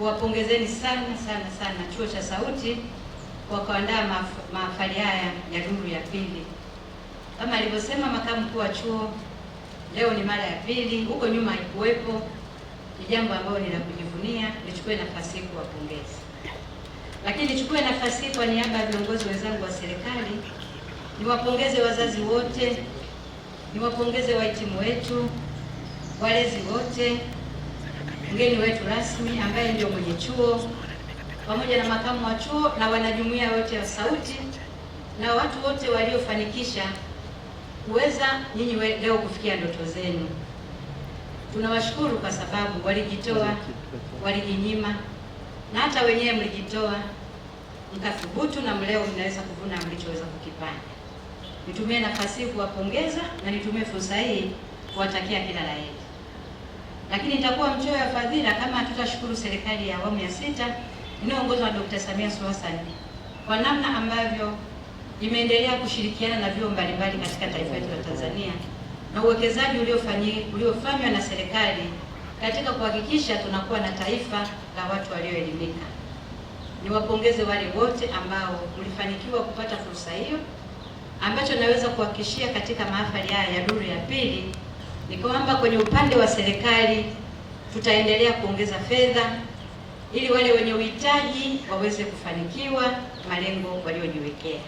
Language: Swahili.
Wapongezeni sana sana sana Chuo cha Sauti kwa kuandaa mahafali haya ya duru ya pili. Kama alivyosema makamu mkuu wa chuo, leo ni mara ya pili, huko nyuma haikuwepo. Ni jambo ambalo ni la kujivunia. Nichukue nafasi hii kuwapongeza, lakini nichukue nafasi hii kwa niaba ya viongozi wenzangu wa serikali niwapongeze wazazi wote, niwapongeze wahitimu wetu, walezi wote mgeni wetu rasmi ambaye ndio mwenye chuo pamoja na makamu wa chuo na wanajumuiya wote wa Sauti na watu wote waliofanikisha kuweza nyinyi leo kufikia ndoto zenu. Tunawashukuru kwa sababu walijitoa, walijinyima na hata wenyewe mlijitoa mkathubutu, na mleo mnaweza kuvuna mlichoweza kukipanda. Nitumie nafasi hii kuwapongeza na nitumie fursa hii kuwatakia kila la heri lakini itakuwa mchoyo wa fadhila kama hatutashukuru serikali ya awamu ya sita inayoongozwa na Dkt. Samia Suluhu Hassan kwa namna ambavyo imeendelea kushirikiana na vyuo mbalimbali katika taifa letu la Tanzania na uwekezaji uliofanywa na serikali katika kuhakikisha tunakuwa na taifa la watu walioelimika. Niwapongeze wale wote ambao mlifanikiwa kupata fursa hiyo, ambacho naweza kuhakikishia katika mahafali haya ya duru ya pili ni kwamba kwenye upande wa serikali tutaendelea kuongeza fedha ili wale wenye uhitaji waweze kufanikiwa malengo waliojiwekea.